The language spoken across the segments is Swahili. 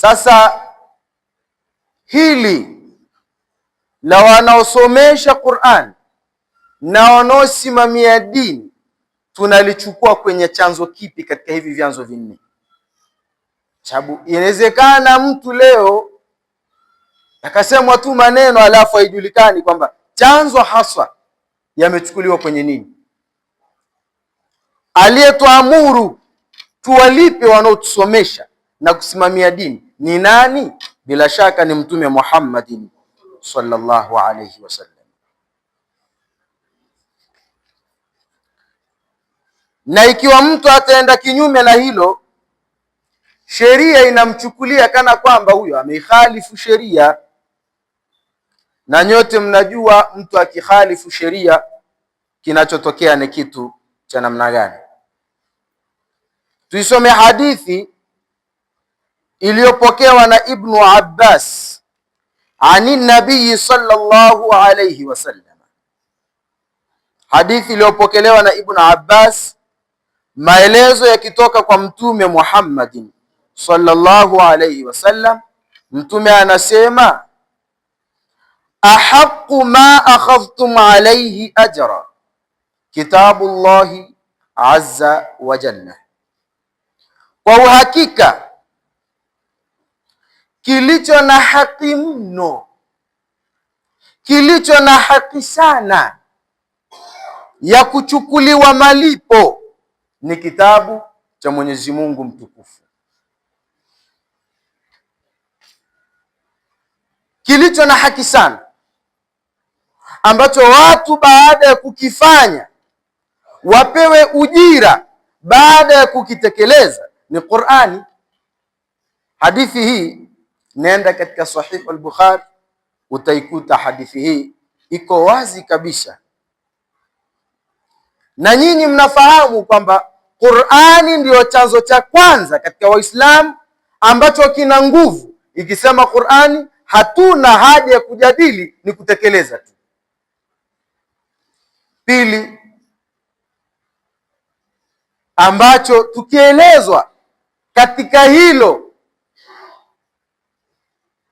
Sasa hili la wanaosomesha Qur'an na wanaosimamia dini tunalichukua kwenye chanzo kipi katika hivi vyanzo vinne? Sababu inawezekana mtu leo akasemwa tu maneno alafu haijulikani kwamba chanzo haswa yamechukuliwa kwenye nini. Aliyetuamuru tuwalipe wanaotusomesha na kusimamia dini ni nani? Bila shaka ni Mtume Muhammadin sallallahu alayhi wasallam. Na ikiwa mtu ataenda kinyume na hilo, sheria inamchukulia kana kwamba huyo ameikhalifu sheria, na nyote mnajua mtu akikhalifu sheria kinachotokea ni kitu cha namna gani. Tuisome hadithi iliyopokewa na Ibnu Abbas ani nabiyi sallallahu alayhi wasallam, hadithi iliyopokelewa na Ibnu Abbas, maelezo yakitoka kwa Mtume Muhammadin sallallahu alayhi wasallam. Mtume anasema ahaqu ma akhadhtum alayhi ajra kitabullahi llahi azza wa jalla, kwa uhakika kilicho na haki mno, kilicho na haki sana ya kuchukuliwa malipo ni kitabu cha Mwenyezi Mungu mtukufu. Kilicho na haki sana ambacho watu baada ya kukifanya wapewe ujira baada ya kukitekeleza ni Qur'ani. Hadithi hii Nenda katika Sahihu al-Bukhari utaikuta hadithi hii iko wazi kabisa, na nyinyi mnafahamu kwamba Qur'ani ndiyo chanzo cha kwanza katika Waislamu ambacho kina nguvu. Ikisema Qur'ani, hatuna haja ya kujadili, ni kutekeleza tu. Pili, ambacho tukielezwa katika hilo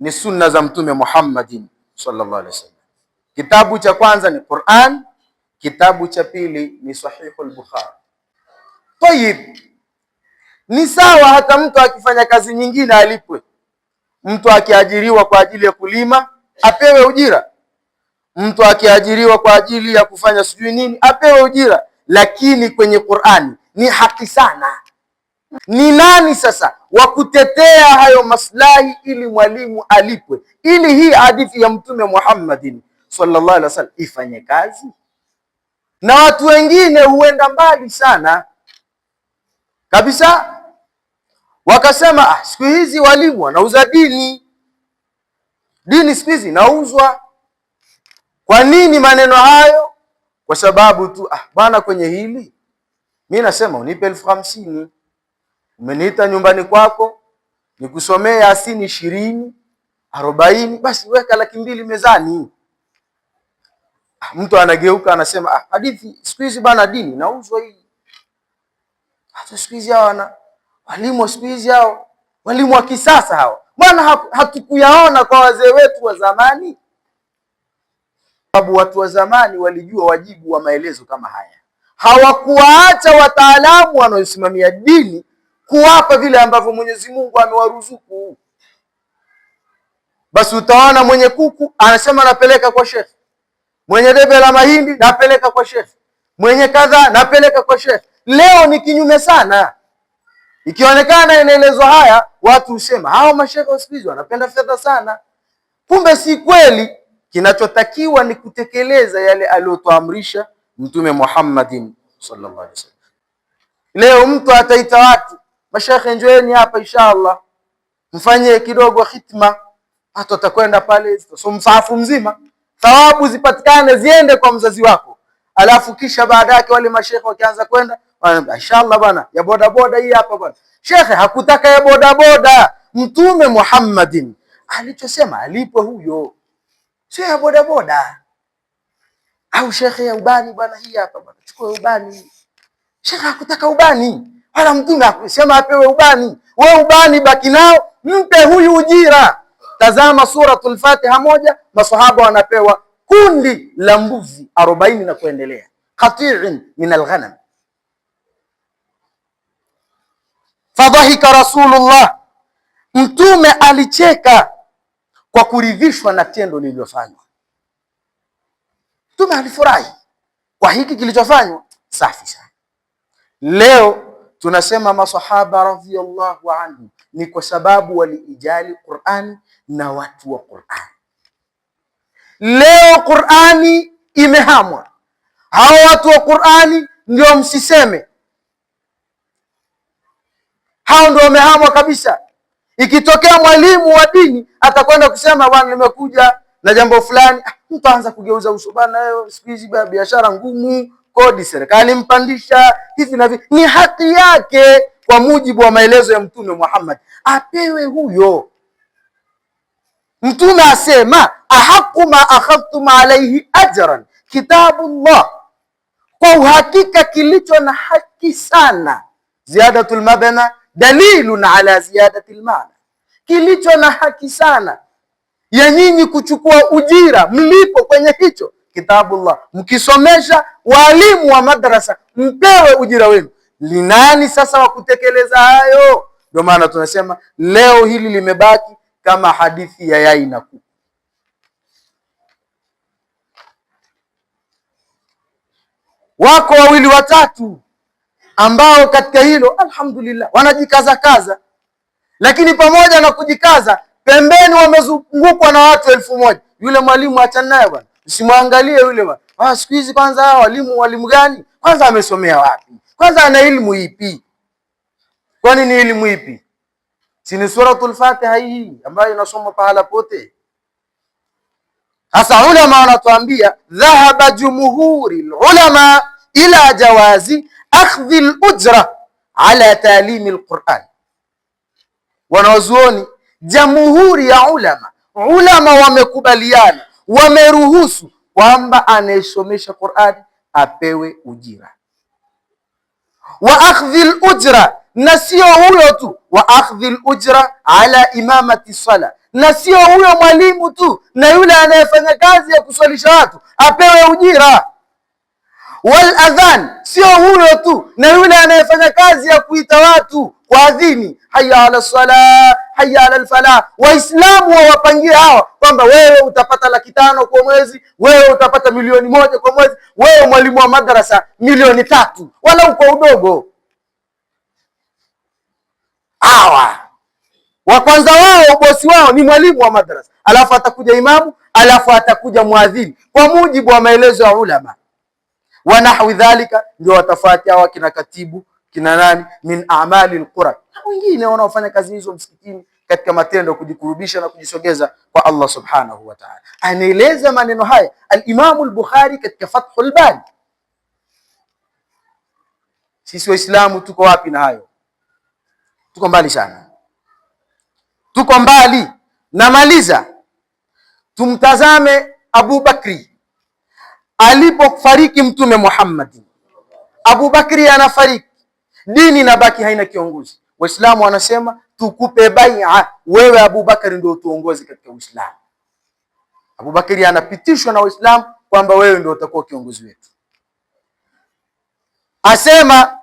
ni sunna za Mtume Muhammadin sallallahu alaihi wasallam. Kitabu cha kwanza ni Quran, kitabu cha pili ni Sahihul Bukhari. Tayib, ni sawa hata mtu akifanya kazi nyingine alipwe. Mtu akiajiriwa kwa ajili ya kulima apewe ujira, mtu akiajiriwa kwa ajili ya kufanya sijui nini apewe ujira, lakini kwenye Qurani ni haki sana ni nani sasa wa kutetea hayo maslahi ili mwalimu alipwe, ili hii hadithi ya Mtume Muhammadin sallallahu alaihi wasallam ifanye kazi? Na watu wengine huenda mbali sana kabisa, wakasema ah, siku hizi walimu wanauza dini, dini siku hizi inauzwa. Kwa nini maneno hayo? Kwa sababu tu ah, bwana, kwenye hili mi nasema unipe elfu hamsini Umeniita nyumbani kwako nikusomee Yasini ishirini arobaini, basi weka laki mbili mezani. Ah, mtu anageuka anasema, ah, hadithi siku hizi bana, dini nauzwa hii. Hata siku hizi hao wana walimu, siku hizi hao walimu wa kisasa hao, maana hatukuyaona kwa wazee wetu wa zamani, sababu watu wa zamani walijua wajibu wa maelezo kama haya, hawakuwaacha wataalamu wanaosimamia dini kuwapa vile ambavyo Mwenyezi Mungu amewaruzuku. Basi utaona mwenye kuku anasema napeleka kwa shekhe, mwenye debe la mahindi napeleka kwa shekhe, mwenye kadhaa napeleka kwa shekhe. Leo ni kinyume sana, ikionekana inaelezwa haya, watu husema hao mashekhe wa siku hizi wanapenda fedha sana. Kumbe si kweli. Kinachotakiwa ni kutekeleza yale aliyotuamrisha Mtume Muhammadin sallallahu alaihi wasallam. Leo mtu ataita watu Mashekhe njoeni hapa inshallah, mfanye kidogo khitma, watu watakwenda pale, so msaafu mzima, thawabu zipatikane ziende kwa mzazi wako. Alafu kisha baada yake wale mashekhe wakianza kwenda, inshallah bwana, ya boda boda hii hapa bwana. Shekhe hakutaka ya boda boda, Mtume Muhammadin alichosema alipo huyo, sio ya boda boda au shekhe ya ubani bwana, hii hapa bwana, chukua ubani. Shekhe hakutaka ubani Wala Mtume akusema apewe ubani. We ubani baki nao, mpe huyu ujira. Tazama Suratul Fatiha moja, masahaba wanapewa kundi la mbuzi arobaini na kuendelea, qatiin min alghanam. Fadhahika Rasulullah, Mtume alicheka kwa kuridhishwa na tendo lililofanywa. Mtume alifurahi kwa hiki kilichofanywa. Safi sana. Leo Tunasema masahaba radhiyallahu anhu ni kwa sababu waliijali Qurani na watu wa Qurani. Leo Qurani imehamwa, hawa watu wa Qurani ndio msiseme, hao ndio wamehamwa kabisa. Ikitokea mwalimu wa dini atakwenda kusema bwana, nimekuja na jambo fulani, ah, mtu aanza kugeuza uso bana, siku hizi biashara ngumu kodi, serikali mpandisha hivi na hivi. Ni haki yake kwa mujibu wa maelezo ya Mtume Muhammad, apewe huyo. Mtume asema ahaku ma akhadhtum alayhi ajran kitabullah, kwa uhakika kilicho na haki sana. Ziyadatul mabna dalilun ala ziyadatil maana, kilicho na haki sana ya nyinyi kuchukua ujira mlipo kwenye hicho kitabullah, mkisomesha walimu wa madrasa mpewe ujira wenu. Linani sasa wa kutekeleza hayo? Ndio maana tunasema leo hili limebaki kama hadithi ya yai na kuku. Wako wawili watatu ambao katika hilo alhamdulillah wanajikazakaza, lakini pamoja na kujikaza, pembeni wamezungukwa na watu elfu moja. Yule mwalimu achana naye bwana. Simwangalie yule ah, siku hizi kwanza walimu walimu gani? Kwanza amesomea wapi? Kwanza ana elimu ipi? Kwani ni elimu ipi? Si ni Suratul Fatiha hii ambayo inasoma pahala pote. Sasa ulama wanatuambia dhahaba jumhuri ulama ila jawazi akhdhi al-ujra ala taalimi al-Quran. Wanazuoni jamhuri ya ulama, ulama wamekubaliana wameruhusu kwamba anayesomesha Qurani apewe ujira wa akhdhi lujra, na sio huyo tu, wa akhdhi lujra ala imamati sala, na sio huyo mwalimu tu, na yule anayefanya kazi ya kuswalisha watu apewe ujira wal adhan, sio huyo tu, na yule anayefanya kazi ya kuita watu kwa adhini, hayya ala sala, hayya ala falah. Waislamu wawapangie hawa kwamba wewe utapata laki tano kwa mwezi, wewe utapata milioni moja kwa mwezi, wewe mwalimu wa madrasa milioni tatu, wala uko udogo. Hawa wa kwanza wao bosi wao ni mwalimu wa madrasa, alafu atakuja imamu, alafu atakuja mwadhini, kwa mujibu wa maelezo ya ulama wa nahwi dhalika, ndio watafati hawa kina katibu kina nani min amali alqura, na wengine wanaofanya kazi hizo msikitini katika matendo kujikurubisha na kujisogeza kwa Allah subhanahu wa ta'ala. Anaeleza maneno haya alimamu al-Bukhari katika Fathul Bari. Sisi Waislamu tuko wapi na hayo? Tuko mbali sana, tuko mbali. Namaliza, tumtazame Abu Bakri Alipofariki Mtume Muhammad, Abubakri anafariki, dini inabaki haina kiongozi. Waislamu wanasema tukupe baia wewe Abubakari ndio utuongoze katika Uislamu. bakri anapitishwa na Waislamu kwamba wewe ndio utakuwa kiongozi wetu. Asema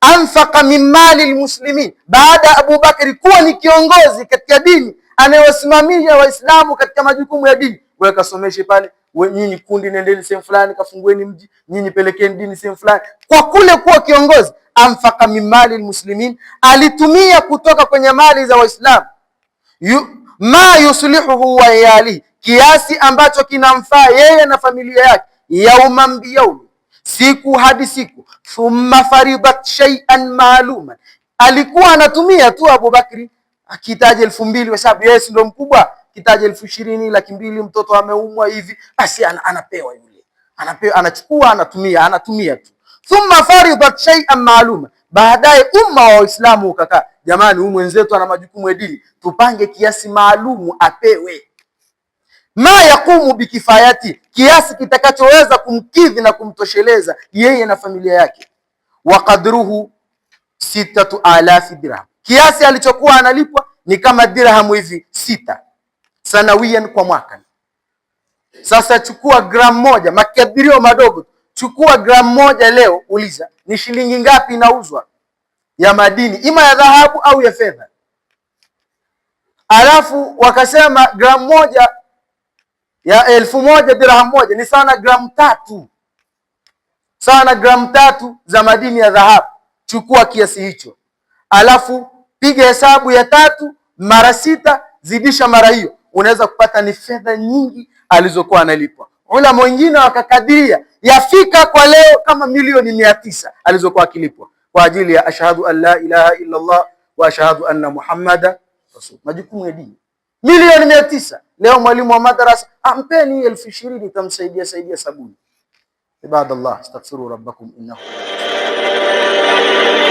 anfaqa min mali lmuslimin, baada ya Abubakari kuwa ni kiongozi katika dini anayowasimamia Waislamu katika majukumu ya dini wewe kasomeshe pale, we nyinyi kundi nendeni sehemu fulani, kafungueni mji, nyinyi pelekeni dini sehemu fulani. Kwa kule kuwa kiongozi, amfaka mimali mali lmuslimin, alitumia kutoka kwenye mali za Waislamu yu, ma yuslihuhu wa yali, kiasi ambacho kinamfaa yeye na familia yake, yauman biyaumi, siku hadi siku. Thumma faridat shay'an maluma alikuwa anatumia tu Abubakri akihitaji elfu mbili kwa sababu yeye si ndo mkubwa kitaji elfu ishirini laki mbili mtoto ameumwa hivi, basi an, anapewa yule, anapewa anachukua, anatumia anatumia tu. Thumma faridat shay'an maaluma, baadaye umma wa Waislamu ukakaa, jamani, huyu mwenzetu ana majukumu ya dini, tupange kiasi maalumu apewe ma yakumu bikifayati, kiasi kitakachoweza kumkidhi na kumtosheleza yeye na familia yake. Wa sitatu alafi dirham, kiasi alichokuwa analipwa ni kama dirhamu hivi sita sanawien kwa mwaka. Sasa chukua gramu moja, makadirio madogo, chukua gramu moja leo, uliza ni shilingi ngapi inauzwa ya madini, ima ya dhahabu au ya fedha. Alafu wakasema gramu moja ya elfu moja dirham moja ni sana na gramu tatu, sana gram gramu tatu za madini ya dhahabu. Chukua kiasi hicho, alafu piga hesabu ya tatu mara sita, zidisha mara hiyo unaweza kupata ni fedha nyingi alizokuwa analipwa. Ulama wengine wakakadiria yafika kwa leo kama milioni mia tisa alizokuwa akilipwa kwa ajili ya ashhadu an la ilaha illa Allah wa ashhadu anna muhammada rasul, majukumu ya dini. Milioni mia tisa leo mwalimu wa madarasa ampeni elfu ishirini itamsaidia saidia sabuni. Ibadallah, astaghfiru rabbakum innahu